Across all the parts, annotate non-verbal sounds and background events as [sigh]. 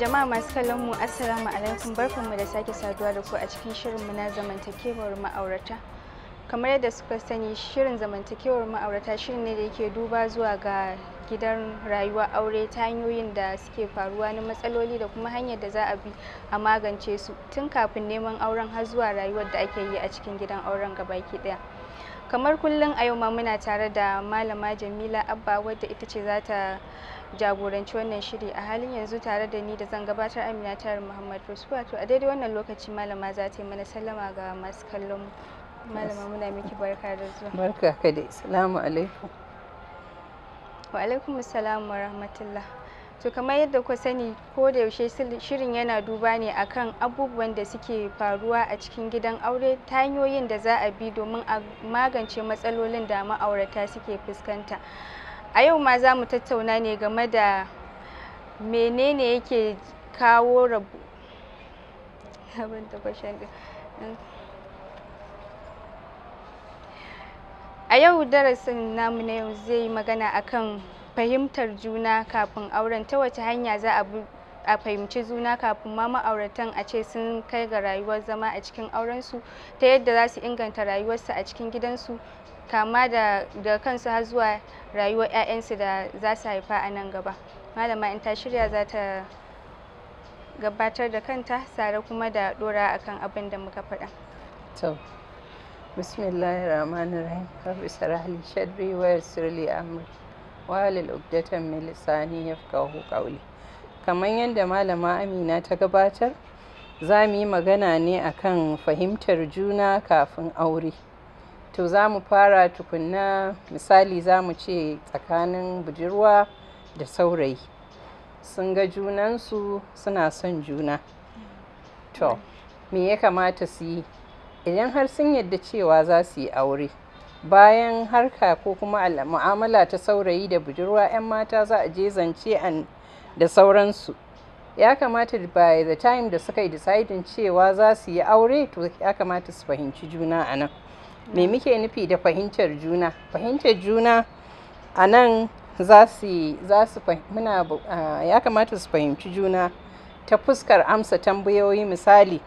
Jama'a masu kallon mu Assalamu alaikum mu da sake saduwa da ku a cikin mu na zamantakewar ma'aurata. Kamar yadda suka sani shirin zamantakewar ma'aurata shirin ne da yake duba zuwa ga gidan rayuwa aure ta hanyoyin da suke faruwa na matsaloli da kuma hanyar da za a bi a magance su tun kafin neman auren har zuwa rayuwar da ake yi a cikin gidan auren gabaki daya. kamar kullum a yau ma muna tare da malama jamila abba wadda ita ce za ta jagoranci wannan shiri a halin yanzu tare da ni da zan gabatar amina tayar muhammad ruswa to a daidai wannan lokaci malama za ta yi mana sallama ga masu kallon malama muna miki barka da zuwa barka ka dai salamu alaikum wa alaikum salam wa rahmatullah to kamar yadda ku sani ko da yaushe shirin yana duba ne akan abubuwan da suke faruwa a cikin gidan aure ta hanyoyin da za a bi domin a magance matsalolin da ma'aurata suke fuskanta a yau ma za mu tattauna ne game da menene yake kawo rabu a yau darasin namu na yau zai magana akan fahimtar juna kafin auren ta wace hanya za a a fahimci juna kafin ma ma'auratan a ce sun kai ga rayuwar zama a cikin aurensu ta yadda za su inganta rayuwarsu a cikin gidansu kama da, da kansu har zuwa rayuwar 'ya'yansu da za su haifa a nan gaba malama in ta shirya za ta gabatar da kanta sare kuma da dora akan abin da muka faɗa to bismillahir rahmanir rahim rabbi sarahli sadri wa yassirli amri walil uqdatan min lisani yafqahu qawli kamar yadda malama Amina ta gabatar za mu yi magana ne akan fahimtar juna kafin aure to za mu fara tukunna misali za mu ce tsakanin budurwa da saurayi sun ga junansu suna son juna to me ya kamata su yi idan har sun yadda cewa za su yi aure bayan harka ko kuma mu'amala ta saurayi da budurwa 'yan mata za a je zance da sauransu ya kamata by the time da suka yi deciding cewa za su yi aure to ya kamata su fahimci juna a nan me mm. muke nufi da fahimtar juna fahimtar juna a nan za su muna ya kamata su fahimci juna ta fuskar amsa tambayoyi misali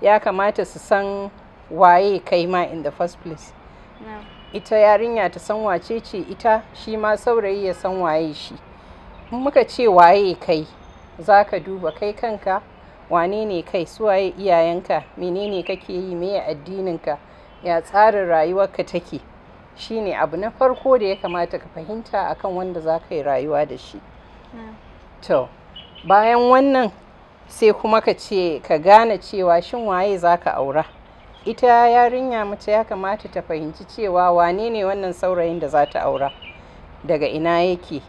ya kamata su san waye kai ma in the first place ita yarinya ta san wace ce ita shi ma saurayi ya san waye shi in muka ce waye kai za ka duba kai kanka wane ne kai waye iyayenka menene kake yi meye addininka ya tsarin rayuwarka take shi ne abu na farko da ya kamata ka fahimta akan wanda za ka yi rayuwa da shi to bayan wannan sai kuma ka ce ka gane cewa shin waye za ka aura ita yarinya mace ya kamata ta fahimci cewa wane ne wannan saurayin da za ta aura daga ina yake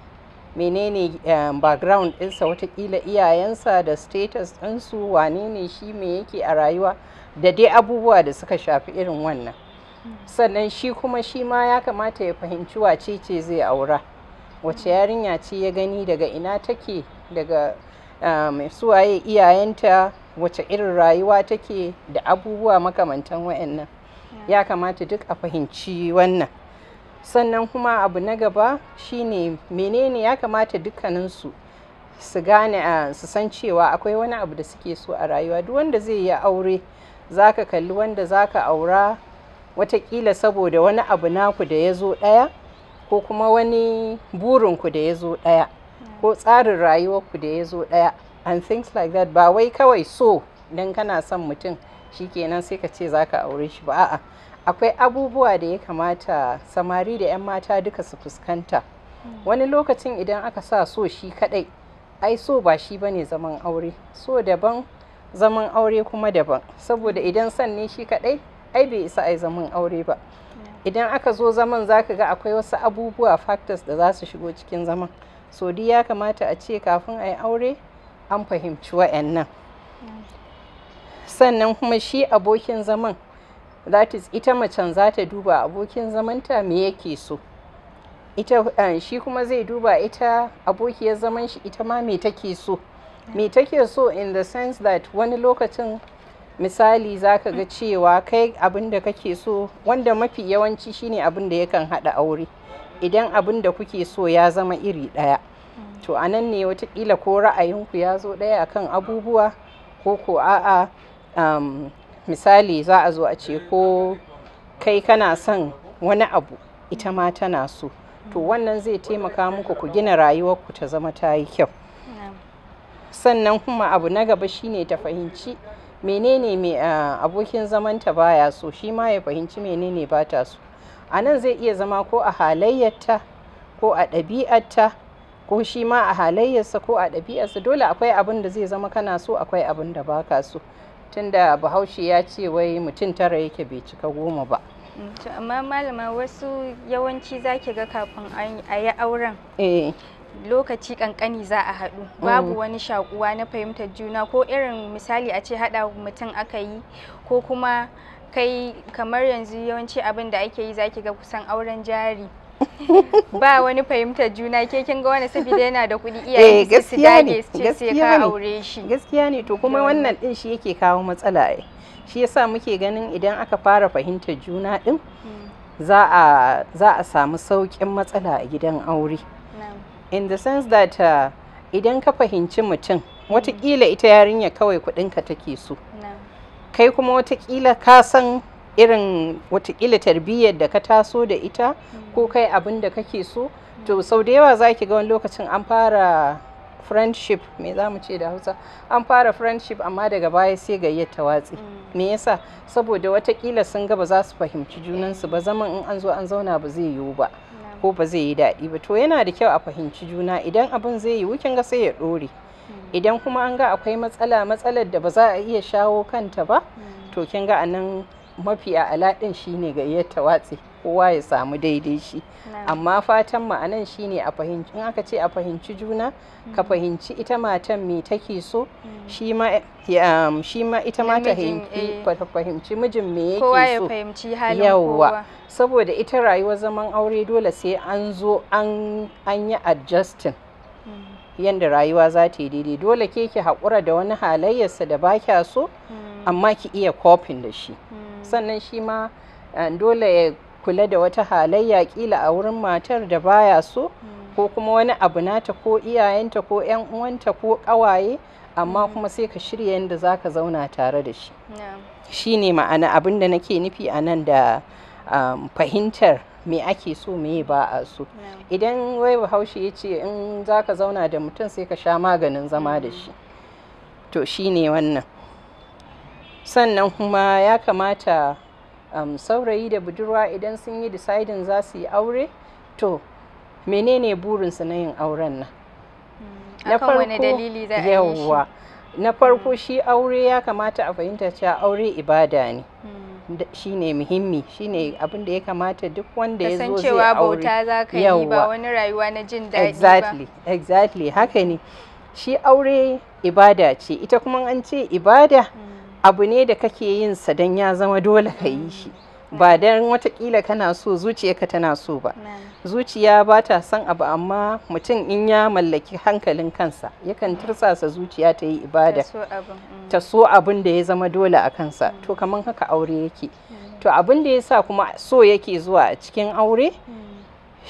menene um, background ɗinsa watakila iyayensa da status ɗinsu wane ne shi me yake a rayuwa da dai abubuwa da suka shafi irin wannan sannan shi kuma shi ma ya kamata ya fahimci wace ce zai aura wace yarinya ce ya gani daga ina take daga um, eh, suwaye iyayenta wace irin rayuwa take da abubuwa makamantan wayannan ya kamata duk a fahimci wannan sannan kuma abu na gaba shine menene ya kamata dukkaninsu su gane su san cewa akwai wani abu da suke so a rayuwa duk wanda zai yi aure zaka kalli wanda zaka aura watakila saboda wani abu naku da ya zo ɗaya ko kuma wani burinku da ya zo ɗaya ko tsarin rayuwarku da ya zo ɗaya and things like that ba wai kawai so don kana son mutum shi shikenan sai ka ce za ka aure shi ba a'a akwai abubuwa da ya kamata samari da 'yan mata duka su fuskanta hmm. wani lokacin idan aka sa so shi kadai ai so ba shi bane zaman aure so daban zaman aure kuma daban saboda idan son ne shi kadai ai bai isa ai zaman aure ba idan aka zo zaman zaka ga akwai wasu abubuwa factors da za su shigo cikin zaman so ya kamata a ce kafin ai aure an fahimci wa'annan sannan kuma shi abokin zaman that is ita macen za ta duba abokin zamanta me yake so ita uh, shi kuma zai duba ita abokiyar zaman shi ita ma me take so me take so in the sense that wani lokacin misali zaka ga cewa kai abin da kake so wanda mafi yawanci shine abin da yakan hada aure idan abin da kuke so ya zama iri daya to a nan ne watakila ko ra'ayinku ya zo ɗaya akan abubuwa ko ko a'a um, misali za a zo a ce ko kai kana son wani abu ita ma tana so to wannan zai taimaka muku ku gina rayuwarku ta zama ta yi kyau sannan kuma abu na gaba shine ta fahimci menene mai uh, abokin zamanta baya so shi ma ya fahimci menene ba ta so a nan zai iya zama ko a halayyarta ko a ɗabi'arta ko shi ma a halayyarsa ko a ɗabi'arsa dole akwai abin da zai zama kana so akwai abin da baka so tunda bahaushe ya ce wai mutum tara yake bai cika goma ba to amma malama wasu yawanci zaki ga kafin a yi auren eh. lokaci kankani za a haɗu mm. babu wani shakuwa na fahimtar juna ko irin misali a ce haɗa mutum aka yi ko kuma kai kamar yanzu yawanci abin da ake yi zaki ga kusan auren jari ba wani fahimtar juna ke kin ga wani saboda yana da kuɗi eh, iyaye su dage su ce sai ka aure shi gaskiya ne to kuma wannan din shi yake kawo matsala ai shi yasa muke ganin idan aka fara fahimtar juna din hmm. za a za a samu saukin matsala a gidan aure in the sense that uh, idan ka fahimci mutum watakila ita yarinya kawai kuɗinka take so kai kuma watakila ka san irin watakila tarbiyyar da ka taso da ita ko mm. kai abin da kake so to sau da yawa za ki ga wani lokacin an fara friendship me za mu ce da hausa an fara friendship amma daga baya sai gayyata watsi mm. me yasa saboda watakila sun ga ba za su fahimci junansu ba eh. zaman in an zo an zauna ba zai yiwu ba ko ba zai yi daɗi ba to yana da kyau a fahimci juna idan abin zai yiwu kin ga sai ya ɗore mm. idan kuma an ga akwai matsala matsalar da ba za a iya shawo kanta ba to kin ga anan mafi mafiya ɗin shine gayyata watsi kowa ya samu daidai shi amma fatan ma'anan shine a fahimci in aka ce a fahimci juna ka mm-hmm. fahimci ita matan me take so mm. um, shi ma ita ma eh. fahimci mijin me yake so kowa ya fahimci halin kowa saboda ita rayuwar zaman aure dole sai an zo an yi adjusting mm. yadda rayuwa za ta yi daidai dole ke ki haƙura da wani halayyarsa da ba kya so mm. amma ki iya kofin da shi sannan shi ma eh, dole ya kula da wata halayya kila a wurin matar da baya so hmm. ko kuma wani abu nata ko iyayenta ko 'yan uwanta ko kawaye. amma hmm. kuma sai ka shirya yadda za ka zauna tare da shi shi ne ma'ana abin da nake nufi a nan da um, fahimtar me ake so me ba a so idan wai bahaushe ya ce in za ka zauna da mutum sai ka sha maganin zama da hmm. shi to shi ne wannan sannan kuma ya kamata um, saurayi da budurwa idan sun yi decidin za su yi aure to menene burinsu na yin auren nan hmm, na farko yawwa na farko shi aure ya kamata a fahimta cewa aure ibada ne hmm. shi ne muhimmi shi ne abin da ya kamata duk wanda ya zo zai aure bauta za ka yi ba wani rayuwa na jin daɗi exactly ba. exactly haka ne shi aure ibada ce ita kuma an ce ibada mm. abu ne da kake yin sa don ya zama dole ka yi shi ba don watakila kana so zuciyarka tana so ba zuciya ba ta son abu amma mutum in ya mallaki hankalin kansa yakan tursasa zuciya ta yi ibada mm. ta so abin da ya zama dole a kansa mm. to kamar haka aure yake to abin da ya sa kuma so yake zuwa a cikin aure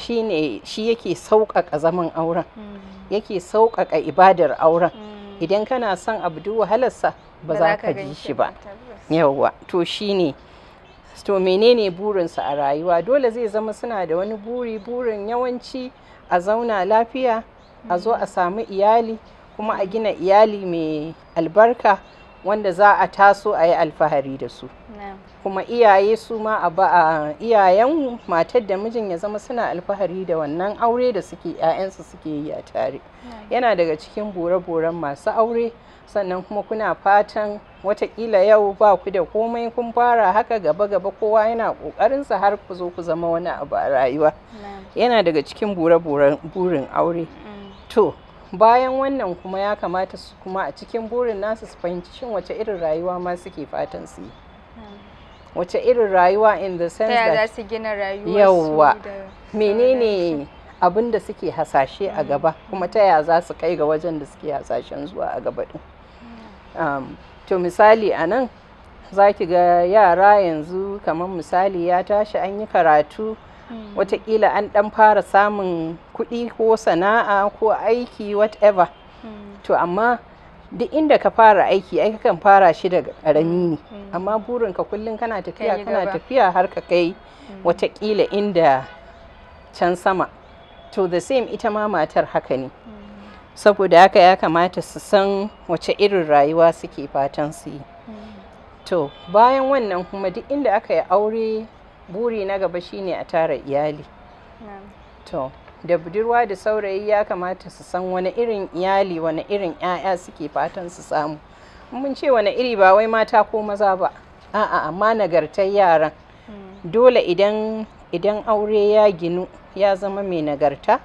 mm. shi yake sauƙaƙa zaman auren yake sauƙaƙa ibadar auren idan kana son abu duk wahalarsa ba za ka ji shi ba yawwa to ne, to menene burinsa a rayuwa dole zai zama suna da wani buri burin yawanci a zauna lafiya a zo a samu iyali kuma a gina iyali mai albarka wanda za a taso a yi alfahari da su kuma iyaye su ma a ba iyayen matar da mijin ya zama suna alfahari da wannan aure da suke 'ya'yansu suke yi a tare yana daga cikin bore-boren masu aure sannan kuma kuna fatan watakila yau ba ku da komai kun fara haka gaba-gaba kowa yana sa har ku zo ku zama wani abu a rayuwa yana daga cikin bure-buren burin aure mm. to bayan wannan kuma ya kamata su kuma a cikin burin nasu su fahimci shin wace irin rayuwa ma suke fatan su yi wace irin rayuwa in the sense that za su gina rayuwa menene abin da suke hasashe a gaba mm. kuma ta ya za su kai ga wajen da suke hasashen zuwa a gaba din um, to misali a nan za ki ga yara yanzu kamar misali ya tashi an yi karatu Hmm. watakila an ɗan fara samun kuɗi ko sana'a ko aiki whatever hmm. to amma duk inda ka fara aiki ai kan fara shi da karami ne hmm. amma burinka kullum kana tafiya kana tafiya har ka kai watakila inda can sama to the same ita ma matar haka ne saboda haka ya kamata su san wace irin rayuwa suke fatan su yi to bayan wannan kuma duk inda aka yi aure buri na gaba shine a tara iyali to da budurwa da saurayi ya kamata su san wani irin iyali wani irin 'ya'ya suke fatan su samu mun ce wani iri ba wai mata ko maza ba a'a amma nagartar yaran hmm. dole idan idan aure ya ginu ya zama mai nagarta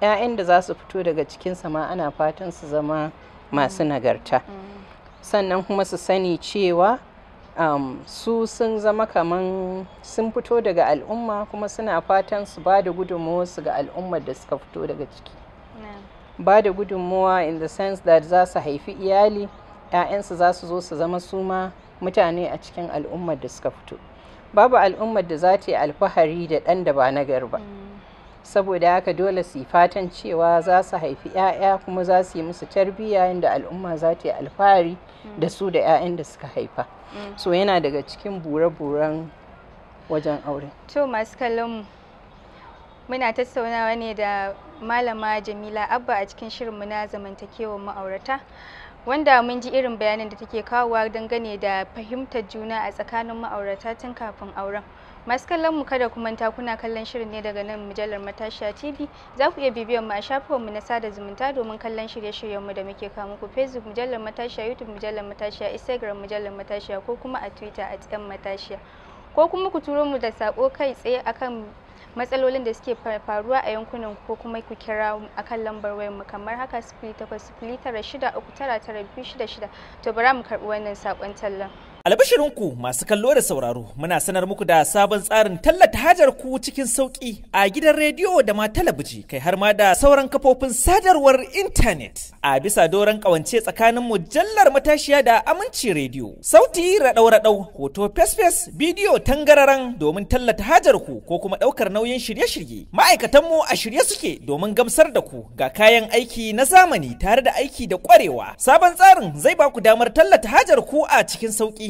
'ya'yan da za su fito daga cikin ma ana fatan su zama masu hmm. nagarta hmm. sannan kuma su sani cewa um, su sun zama kaman sun fito daga al'umma kuma suna fatan su ba da su ga al'ummar da suka fito daga ciki ba da gudunmuwa in the sense that za su haifi iyali 'ya'yansu za su zo su zama suma mutane a cikin al'ummar da suka fito babu al'ummar da za ta yi alfahari da ɗan da ba na garba mm. saboda haka dole su yi fatan cewa za su haifi 'ya'ya kuma za su yi musu tarbiyya yadda al'umma za ta yi alfahari da su da 'ya'yan da suka haifa mm. so yana daga cikin bure-buren wajen aure to masu kallon muna tattaunawa ne da malama jamila abba a cikin shirinmu na zamantakewar ma'aurata wanda mun ji irin bayanin da take kawowa dangane da fahimtar juna a tsakanin ma'aurata tun kafin auren masu kallon mu kada ku manta kuna kallon shirin ne daga nan mujallar matashiya tv za ku iya bibiyar mu a mu na sada zumunta domin kallon shirye-shiryen mu da muke kawo muku facebook mujallar matashiya youtube mujallar matashiya instagram mujallar matashiya ko kuma a twitter a yan matashiya ko kuma ku turo mu da sako kai tsaye akan matsalolin da suke faruwa a yankunan ku ko kuma ku kira akan lambar wayar mu kamar haka sifili takwas to bara mu karbi wannan sakon tallan Albashirinku masu kallo da sauraro muna sanar muku da sabon tsarin tallata hajar ku cikin sauki a gidan rediyo da ma talabiji kai har ma da sauran kafofin sadarwar intanet a bisa doron kawance tsakanin mujallar matashiya da aminci rediyo sauti raɗau-raɗau hoto fesfes bidiyo tangararan domin tallata hajar ku ko kuma ɗaukar nauyin shirye-shirye ma'aikatan mu a shirye suke domin gamsar da ku ga kayan aiki na zamani tare da aiki da ƙwarewa sabon tsarin zai ba ku damar tallata hajar ku a cikin sauki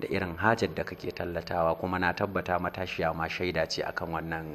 da irin hajar da kake tallatawa kuma na tabbata matashiya ma shaida ce akan wannan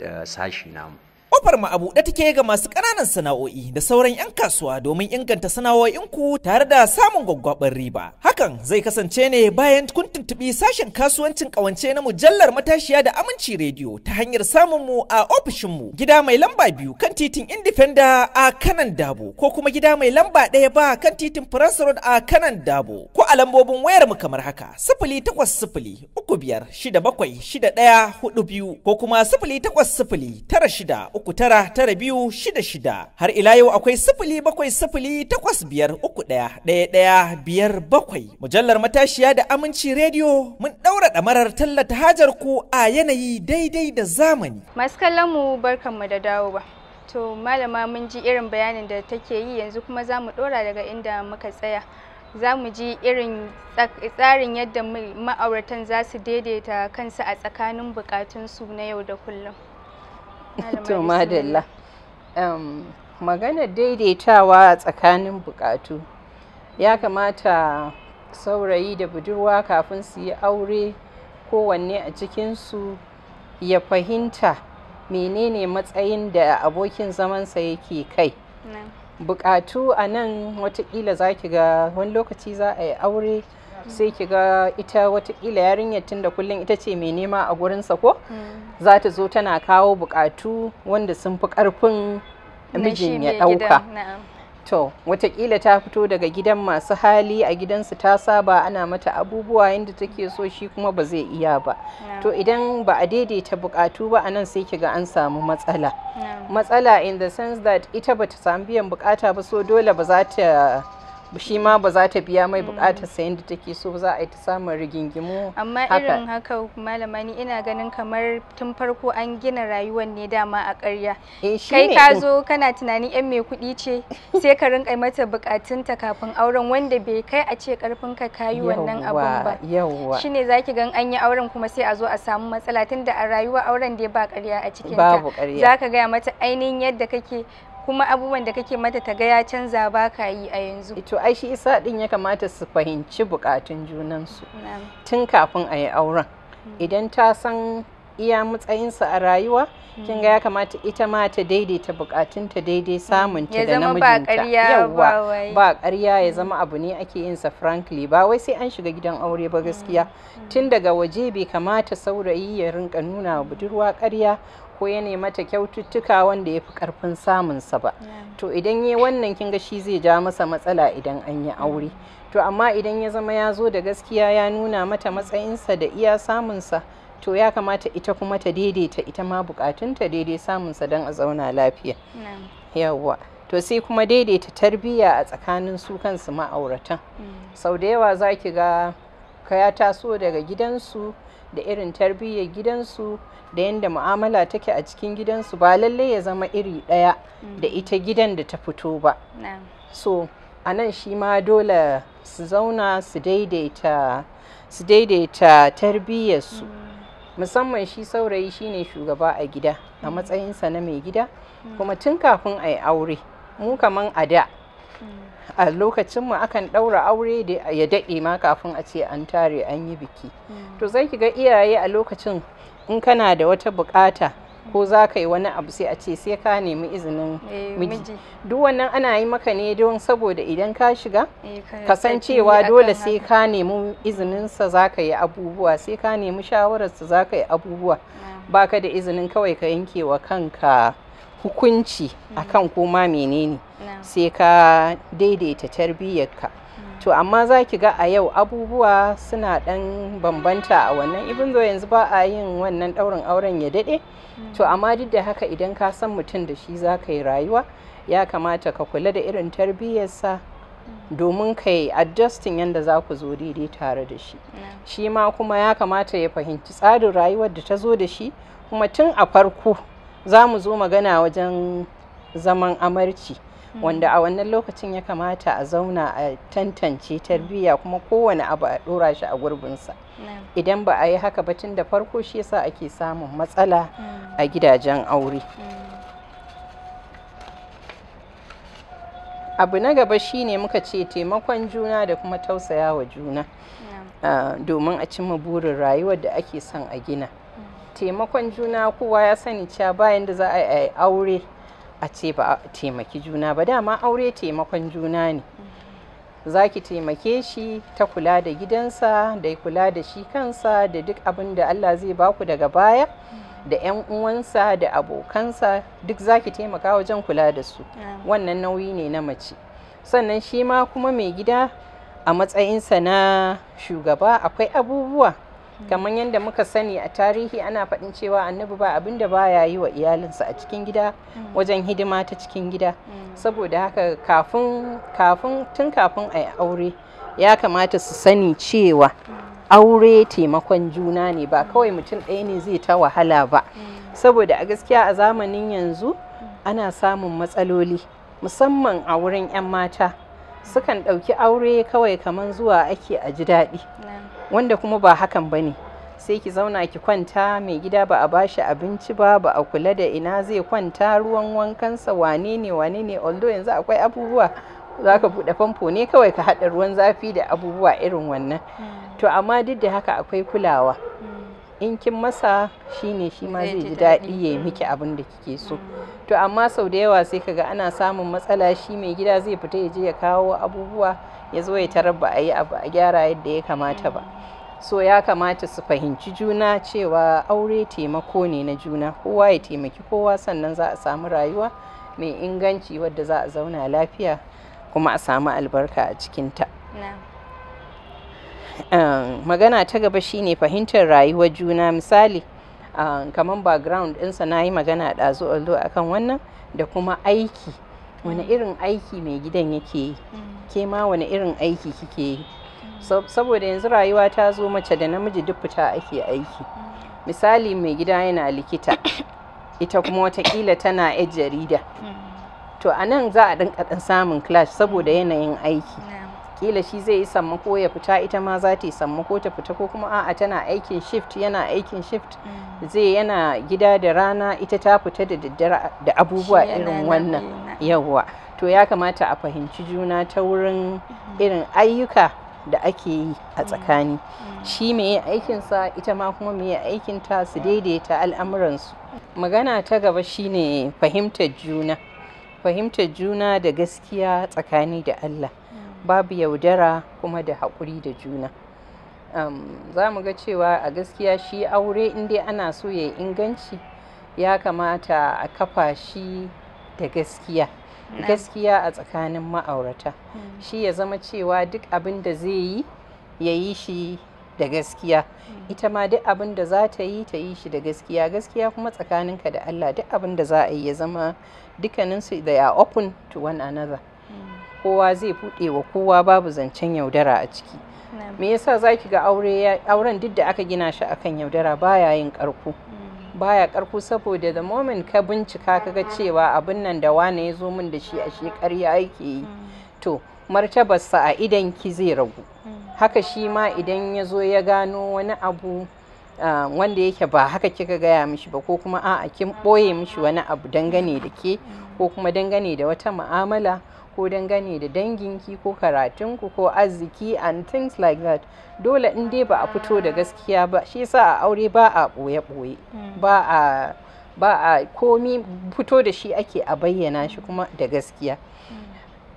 eh, sashi namu kofar mu a buɗe take ga masu ƙananan sana'o'i da sauran 'yan kasuwa domin inganta sana'o'inku tare da samun gwaggwaɓar riba dukan zai kasance ne bayan kun tuntubi sashen kasuwancin kawance na mujallar matashiya da aminci rediyo ta hanyar samun mu a ofishinmu gida mai lamba biyu kan titin Indifenda a kanan dabo ko kuma gida mai lamba ɗaya ba kan titin France Road a kanan dabo ko a lambobin wayar mu kamar haka sifili takwas sifili uku biyar shida bakwai shida ɗaya hudu biyu ko kuma sifili takwas sifili tara shida uku tara tara biyu shida shida har ila yau akwai sifili bakwai sifili takwas biyar uku ɗaya ɗaya ɗaya biyar bakwai Mujallar matashiya da aminci rediyo mun ɗaura ɗamarar tallata hajar ku a yanayi daidai da zamani. Masu kallon mu barkan mu da dawowa. To malama mun ji irin bayanin da take yi yanzu kuma za mu ɗora daga inda muka tsaya. Za mu ji irin tsarin yadda ma'auratan za su daidaita kansu a tsakanin bukatunsu na yau da kullum. To madalla. maganar daidaitawa tsakanin bukatu ya kamata saurayi da budurwa kafin su yi aure kowanne a cikinsu ya fahimta menene matsayin da abokin zamansa yake kai bukatu a nan watakila za ki ga wani lokaci za a yi aure sai ki ga ita watakila yarinyar tun da kullum ita ce mai nema a gurinsa ko hmm. za ta zo tana kawo bukatu wanda sun fi karfin mijin ya dauka to watakila ta fito daga gidan masu hali a gidansu ta saba ana mata abubuwa yadda take so shi kuma ba zai iya ba to idan ba a daidaita bukatu ba anan sai kiga an samu matsala matsala in the sense that ita bata samu biyan bukata ba so dole ba za ta shi ma ba za ta biya mai mm. bukatar sayan da take so za a yi ta samun rigingimu amma irin haka malama ni ina ganin kamar tun farko an gina rayuwar ne dama a ƙarya eh, kai ka zo kana tunanin yan mai kuɗi ce [laughs] sai ka rinka mata bukatunta kafin auren wanda bai kai a ce karfin ka kayi wannan abun ba shine zaki gan an yi auren kuma sai a zo a samu matsala tunda a rayuwa auren dai ba karya a cikin ta zaka gaya mata ainihin yadda kake kuma abubuwan da kake mata ta ga ya canza ba ka yi a yanzu. Ito ai shi isa din ya kamata su fahimci bukatun junansu tun kafin a yi auren. Hmm. Idan ta san iya matsayinsa a rayuwa, hmm. kin ga ya kamata ita ma ta daidaita ta daidai hmm. samun ta da namijinta. zama ba ƙarya ya zama abu ne ake yin sa frankly ba wai sai an shiga gidan aure ba gaskiya. Tun daga waje bai kamata saurayi ya rinka nuna budurwa karya. ko ya nema ta kyaututtuka wanda ya fi karfin samunsa ba to idan ya wannan kinga shi zai ja masa matsala idan an yi mm. aure to amma idan ya zama ya zo da gaskiya ya nuna mata matsayinsa da iya samunsa to ya kamata ita kuma ta daidaita ita ma bukatunta daidai samunsa don a zauna lafiya yawwa to sai kuma daidaita tarbiyya a tsakanin su kansu ma'auratan mm. sau da yawa za ki ga ka ya taso daga gidansu da irin tarbiyyar gidansu da yadda mu'amala take a cikin gidansu ba lallai ya zama iri ɗaya da mm. ita gidan da ta fito ba so a nan shi ma dole su zauna su daidaita tarbiyyarsu mm. musamman shi saurayi shine shugaba a gida a mm. matsayinsa na mai gida kuma tun kafin a yi aure mu kaman a da a lokacin mu akan ɗaura aure da ya daɗe ma kafin a ce an tare an yi biki hmm. to zai ki ga iyaye a lokacin in kana da wata bukata ko za ka yi wani abu sai a ce sai ka nemi izinin eh, miji duk wannan ana yi maka ne don saboda idan ka shiga eh, kasancewa dole sai ka nemi izininsa za ka yi abubuwa sai ka nemi shawararsa za ka yi abubuwa hmm. baka da izinin kawai ka yanke wa kanka hukunci akan koma menene sai ka daidaita tarbiyyarka to amma za ki ga a yau abubuwa suna dan bambanta a wannan ibin zo yanzu ba a yin wannan daurin auren ya dade mm. to amma duk da haka idan ka san mutum da shi za ka yi rayuwa ya kamata ka kula da irin tarbiyyarsa mm. domin ka yi adjusting yadda za ku zo daidai tare da shi shi ma kuma ya kamata ya fahimci tsarin rayuwar da ta zo da shi kuma tun a farko za mu zo magana wajen zaman amarci hmm. wanda a wannan lokacin ya kamata a zauna a tantance tarbiyya kuma kowane abu a dora shi a gurbinsa idan ba a yi haka ba tun da farko shi yasa ake samun matsala hmm. a gidajen aure hmm. abu na gaba shine muka ce taimakon juna da kuma tausayawa juna ah, domin a cimma burin rayuwar da ake son a gina taimakon juna kowa ya sani cewa bayan da za a yi aure a ce ba taimaki juna ba dama aure taimakon juna ne za ki taimake shi ta kula da gidansa da kula da shi kansa da duk abin da Allah zai baku daga baya da 'yan uwansa da abokansa duk za ki taimaka wajen kula da su wannan nauyi ne na mace sannan shi ma kuma mai gida a matsayinsa na shugaba akwai abubuwa kamar yadda muka sani a tarihi ana faɗin cewa annabi ba abin da baya yi wa iyalinsa a cikin gida mm. wajen hidima ta cikin gida mm. saboda haka kafin tun kafin a aure ya kamata su sani cewa mm. aure taimakon juna ne ba kawai mutum ɗaya ne zai ta wahala ba saboda a gaskiya a zamanin yanzu ana samun matsaloli musamman a wurin 'yan mata sukan ɗauki aure kawai kamar zuwa ake a ji daɗi wanda kuma ba hakan ba ne sai ki zauna ki kwanta mai gida ba a ba shi abinci ba ba a kula da ina zai kwanta ruwan wankansa wane ne wane ne although yanzu akwai abubuwa za ka buɗe famfo ne kawai ka haɗa ruwan zafi da abubuwa irin wannan hmm. to amma duk da haka akwai kulawa hmm. in kin masa shine shi ma zai ji daɗi ya miki abin da kike so hmm. to amma sau da yawa sai kaga ana samun matsala shi mai gida zai fita ya je ya kawo abubuwa ya zo ya tarar ba a yi abu a gyara yadda ya kamata ba so ya kamata su fahimci juna cewa aure taimako ne na juna kowa ya taimaki kowa sannan za a samu rayuwa mai inganci wadda za a zauna lafiya kuma a samu albarka a cikinta ehm, magana ta gaba shine fahimtar rayuwar juna misali Um, kamar background ɗinsa na yi magana a ɗazu a kan wannan da kuma aiki wani mm. irin aiki mai gidan yake yi mm. ke ma wani irin aiki kike yi saboda yanzu rayuwa ta zo mace da namiji duk fita ake aiki mm. misali mai gida yana likita [coughs] ita kuma watakila tana yan jarida to a nan za a dinka samun clash saboda yanayin aiki kila shi zai yi sammako ya fita ita ma za ta yi sammako ta fita ko kuma a'a tana aikin shift yana aikin shift mm. zai yana gida da rana ita ta fita da daddare da abubuwa irin wannan yawwa. to ya kamata a fahimci juna ta wurin mm-hmm. irin ayyuka da ake yi a mm. tsakani mm. shi yi aikinsa ita ma kuma yi aikinta su daidaita al'amuransu magana ta gaba shine fahimtar juna fahimtar juna da gaskiya tsakani da Allah babu yaudara kuma da haƙuri da juna za mu ga cewa a gaskiya shi aure inda ana so ya yi inganci ya kamata a kafa shi da gaskiya gaskiya a tsakanin ma'aurata hmm. shi ya zama cewa duk abin da zai yi ya yi shi da gaskiya hmm. ita ma duk abin da za ta yi ta yi shi da gaskiya gaskiya kuma tsakaninka da Allah duk abin da za a yi ya zama dukkaninsu da ya open to one another kowa zai buɗe wa kowa babu zancen yaudara a ciki me yasa ki ga aure auren duk da aka gina shi akan yaudara baya yin karku mm. baya karku saboda da moment ka bincika ka ga cewa abin nan da wane ya zo min da shi a shi ƙarya ake yi mm. to martabarsa a idan ki zai ragu mm. haka shi ma idan ya zo ya gano wani abu ah, wanda yake ba haka kika gaya mishi ba ko kuma a'a kin ɓoye mishi wani abu dangane da ke ko kuma dangane da wata mu'amala ko dangane da danginki ko karatunku ko arziki and things like that dole in dai ba a fito da gaskiya ba shi yasa a aure ba a ɓoye-ɓoye ba a ba a komi fito da shi ake a bayyana shi kuma da gaskiya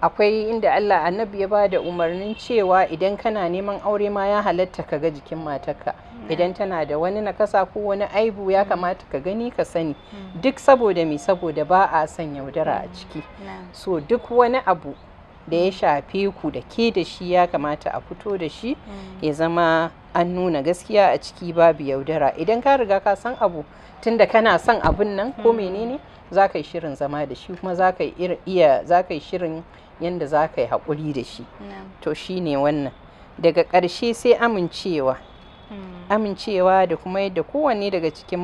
akwai inda Allah annabi ya bada umarnin cewa idan kana neman aure ma ya halatta ka ga jikin matarka hmm. idan tana da wani nakasa ko wani aibu ya hmm. kamata ka gani ka sani hmm. duk saboda mai saboda ba a son yaudara a ciki so duk wani abu da ya shafe ku da ke da shi ya kamata a fito da shi ya zama an nuna gaskiya a ciki babu yaudara idan ka riga ka san abu tunda kana son abun nan ko menene za ka yi shirin zama da shi kuma za ka iya za ka yi shirin yadda za ka yi haƙuri da shi to shine wannan daga ƙarshe sai amincewa amincewa da kuma yadda kowanne daga cikin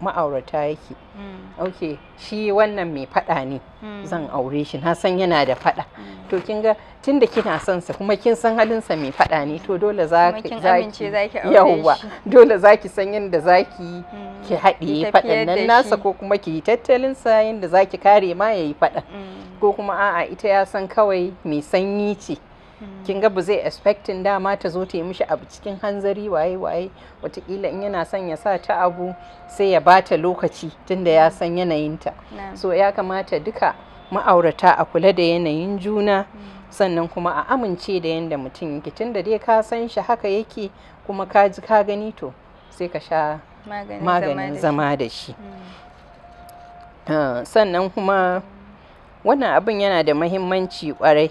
ma'aurata yake mm. ok shi wannan mai fada ne mm. zan aure shi na san yana da fada mm. to kin ga tun kina son sa kuma kin san halinsa mai fada ne to dole za ki yawwa dole za ki san yadda za ki ki haɗe fadan nan nasa ko kuma ki tattalin sa yadda za ki kare ma yayi fada ko kuma a'a ita ya san kawai mai sanyi ce Hmm. kin ga ba zai expecting dama ta zo ta yi mishi abu cikin hanzari waye waye watakila in yana son ya sa ta abu sai ya bata lokaci tunda ya san ta. so ya kamata duka ma'aurata a kula da yanayin juna hmm. sannan kuma a amince da yanda mutum yake tunda dai ka san shi haka yake kuma ka ji ka gani to sai ka sha maganin zama da shi hmm. ah, sannan kuma wannan abin yana da mahimmanci kwarai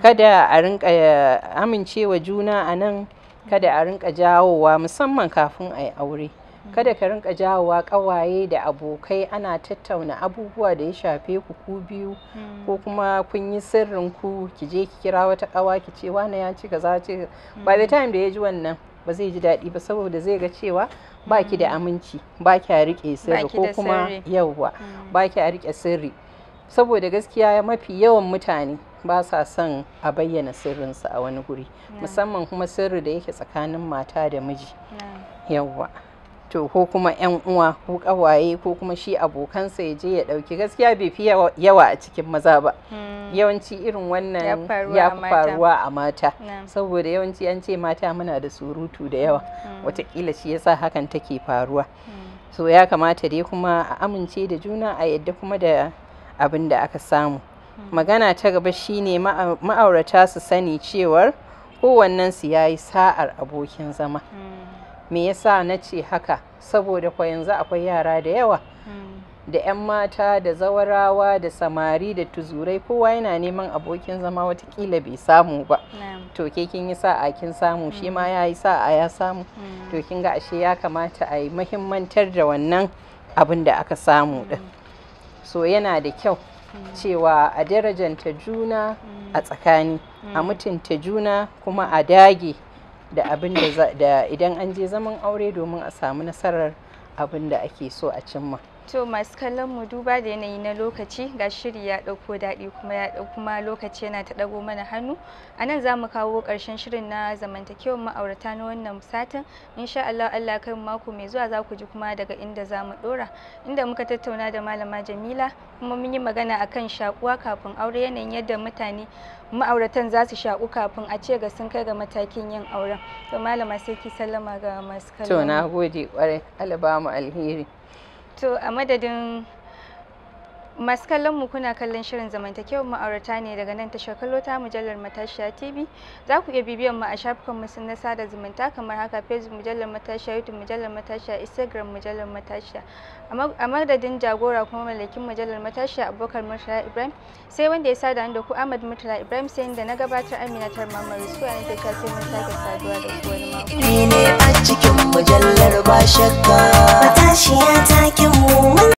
kada a rinka eh, amincewa juna a nan kada a rinka jawowa musamman kafin a yi aure kada ka rinka jawowa kawaye da abokai ana tattauna abubuwa da ya shafe ku ku biyu hmm. ko kuma kun yi sirrin ku ki je ki kira wata kawa ki ce wani ya ci kaza ce hmm. by the time da ya ji wannan ba zai ji daɗi ba saboda zai ga cewa ba ki da hmm. aminci ba ki a riƙe sirri ko kuma yauwa ba ki a riƙe sirri saboda gaskiya mafi yawan mutane ba sa son a bayyana sirrinsu a wani guri musamman kuma sirri da yake tsakanin mata da miji yawwa to ko kuma yan uwa ko kawaye ko kuma shi abokansa ya je ya dauki gaskiya bai fi yawa a cikin maza ba hmm. yawanci irin wannan ya faruwa a mata saboda yawanci an ce mata muna da surutu da yawa hmm. watakila shi yasa hakan take faruwa hmm. so ya kamata dai kuma a amince da juna a yadda kuma da abin da aka samu Magana ta gaba shine ma'aurata su sani cewar kowannensu ya yi sa'ar abokin zama. Me yasa na ce haka? Saboda kwa yanzu akwai yara da yawa. Da 'yan mata da zawarawa da samari da tuzurai kowa yana neman abokin zama watakila bai samu ba. To ke kin yi sa'a kin samu shi ma mm. ya yi sa'a ya samu. Mm. To kin ga ashe ya kamata a yi muhimmantar da wannan abin da aka samu din. Mm. So yana da kyau cewa a darajanta juna a mm. tsakani a mm. mutunta juna kuma a dage da abin da idan an je zaman aure domin a samu nasarar abin da ake so a cimma. To masu kallon mu duba da yanayi na lokaci ga shiri ya ɗauko daɗi kuma ya kuma lokaci yana ta ɗago mana hannu. A nan za mu kawo ƙarshen shirin na zamantakewar ma'aurata na wannan satin. Insha Allah Allah kai mako mai zuwa za ku ji kuma daga inda za mu ɗora. Inda muka tattauna da malama Jamila kuma mun yi magana akan shakuwa kafin aure yanayin yadda mutane ma'auratan za su shaku kafin a ce ga sun kai ga matakin yin auren. To malama sai ki sallama ga masu kallon. To na gode kwarai. Allah ba mu alheri. to a madadin masu kallon mu kuna kallon shirin zamantakewar ma'aurata ne daga nan tashar kallo ta mujallar matashiya tv za ku iya bibiyan mu a shafukan mu na sada zumunta kamar haka facebook mujallar matashiya youtube mujallar matashiya instagram mujallar matashiya a madadin jagora kuma mallakin mujallar matashiya abokan murtala ibrahim sai wanda ya sada da ku ahmad murtala ibrahim sai da na gabatar amina tar mamari su a nake sai mun sake saduwa da ku mako. ne a cikin mujallar ba